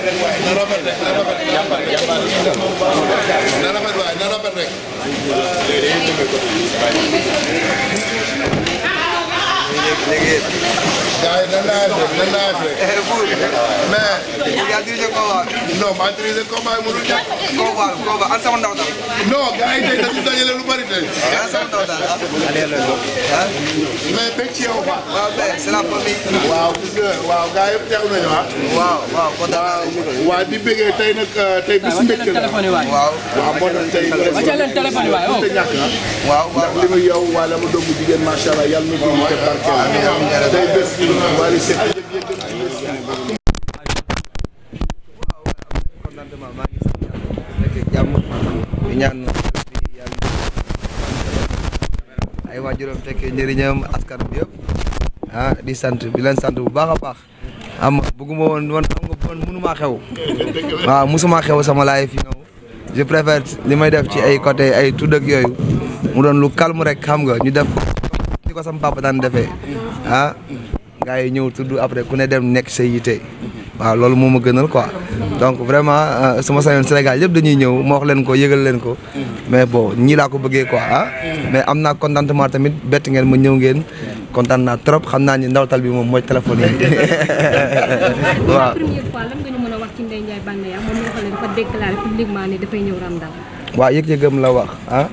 rafet rek waaye na rafet rek na rafet rek na rafet waaye na rafet rek. léegi gars yi lan laay def lan laay def. mais. yaa dirigé combat. non maa dirigé combat yi mënul ñàkk. combat combat an sama ndaw daal. non gars yi tey dañu dajale lu bari tey. an sama ndaw daal ah. mais bëgg ci yow quoi. waaw mais c'est la famille. waaw gis nga waaw gars yëpp teew nañu ah. waaw waaw kontaan naa waaw di bëggee tey nag tey bis mbégte la. waaw waaw moo tax tey. wàcce leen téléphone waay waaw waaw waaw. ndax li ma yow wala ma doomu jigéen macha allah yàlla na ko. waaw waaw waaw tey bés bi Wally Seck contentement maa ngi sant yàlla nekk njëriñam askan bi ah di sant di leen sant bu baax a baax am bëgguma woon woon xam nga bon mënumaa xew waaw mosumaa xew sama laay fii naw je préfère li may def ci ay côté ay tudd ak yooyu mu doon lu calme rek xam nga ñu def ko ni ko sama papa daan defee ah gars yi ñëw tudd après ku ne dem nekk sa yite waaw loolu moom ma gënal ko donc vraiment euh, suma sañoon Sénégal yëpp dañuy ñëw ma wax leen ko yëgal leen ko mais bon ñii ko bëggee quoi ah mais am naa contentement tamit bett ngeen ma ñëw ngeen kontaan naa trop xam naa ni ndawtal bi moom mooy téléphone yi ah, waaw yëg-yëgam la wax ah.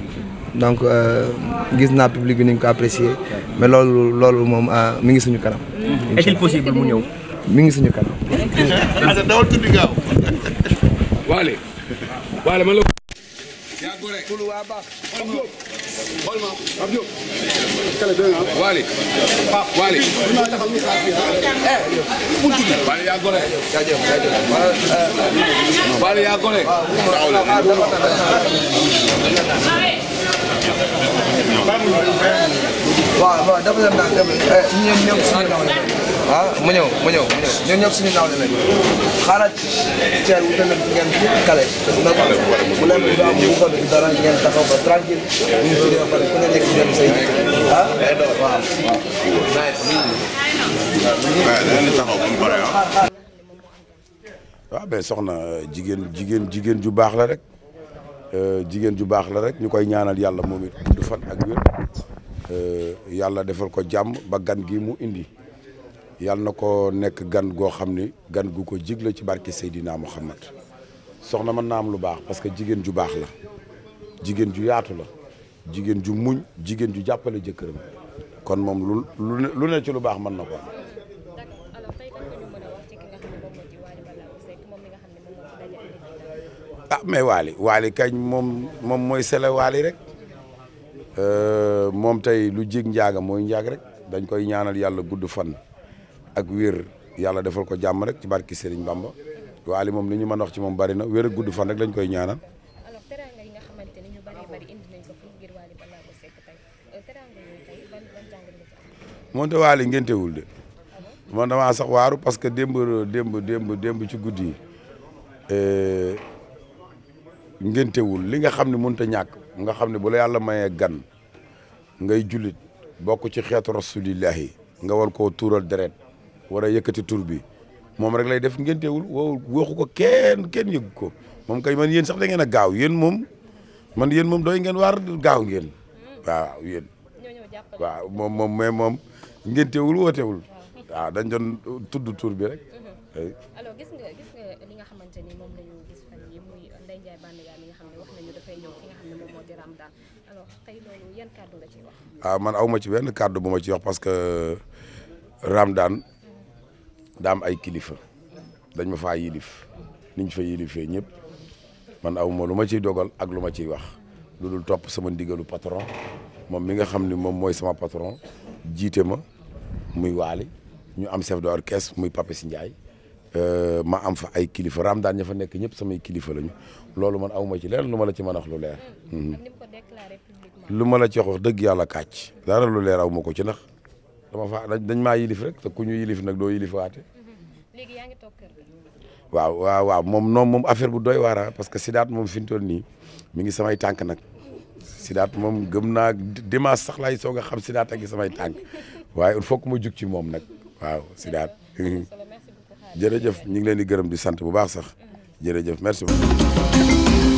donc euh, gis naa public ni ñu ko apprécier mais loolu loolu moom euh, mi ngi suñu kanam. est-il possible mu ñëw. mi ngi suñu kanam. waaw waaw dafa leen daal dem ñoom ñoom suñu nawle ah mu ñëw mu ñëw mu ñëw ñoom ñoom suñu nawle lañ xaaral ceeb wute leen fi ngeen kale na ko bu leen bu am bu ko dara ngeen taxaw ba tranquille ñu fi dee pare ku ne nekk dem say ah day doon waaw waaw waaw mais soxna jigéen jigéen jigéen ju baax la rek Euh, jigéen ju baax la rek ñu koy ñaanal yàlla moom it du fan ak wér euh, yàlla defal ko jàmm ba gan gi mu indi yàlla na ko nekk gan goo xam ni gan gu ko jig la ci barke Seydina Muhammad soxna mën naa am lu baax parce que jigéen ju baax la jigéen ju yaatu la jigéen ju muñ jigéen ju jàppale jëkkëram kon moom lu lu ne ci lu baax mën na ko ah mais Waly Waly kañ moom moom mooy sele Waly rek euh, moom tey lu jig njaaga mooy njaag rek dañ koy ñaanal yàlla gudd fan ak wér yàlla defal ko jàmm rek ci barki Serigne Bamba Waly moom li ñu mën wax ci moom bari na wér ak gudd fan rek lañ koy ñaanal. Euh, moom te Waly ngéntewul de ah man damaa sax waaru parce que démb démb démb ci guddi yi euh, ngéntewul li nga xam ne mënut a ñàkk nga xam ne bu la yàlla mayee gan ngay jullit bokk ci xeetu rasulillahi nga war ko tuural deret wara a yëkkati tur bi moom rek lay def ngéntewul woo waxu ko kenn kenn yëgu ko moom kay man yéen sax da ngeen a gaaw yéen moom man yéen moom doy ngeen waar gaaw ngeen waaw yéen waaw moom moom mais moom ngéntewul wootewul waaw dañ dan tudd tur bi rek alors gis nga gis nga xamante ni moom la gis fan yi muy Ndeye Ndiaye Banaya mi nga xam ne wax nañu dafay ñëw fi nga xam ah, awma ci benn kàddu bu ma ci parce que Ramadan daam ay kilifa dañ ma faa ñëpp man awma lu ma ciy dogal ak lu ma ciy wax lu dul topp sama ndigalu patron moom mi nga xam ni moom mooy sama patron jiite ma muy waali ñu am chef d'orchestre muy Papis njaay Euh, ma am fa ay kilifa raam daan ña fa nekk ñëpp samay kilifa lañu loolu man awma ci leer lu ma la ci mën a wax lu leer. Mhm. lu ma la ci wax dëgg yàlla kàcc. dara lu leer awma ko ci nax dama fa dañ ma yilif rek te ku ñu yilif nag doo yilif waate. Mhm. waaw moom noonu moom affaire bu doy waar ah, parce que Sidaat moom fi mu toll nii mi ngi samay tànk nag Sidaat moom gëm naa dimanche sax laay soog a xam Sidaat a ngi samay tànk waaye il faut ma jug ci moom nag waaw Sidaat. jërëjëf ñu ngi leen di gërëm di sant bu baax sax jërëjëf merci beaucoup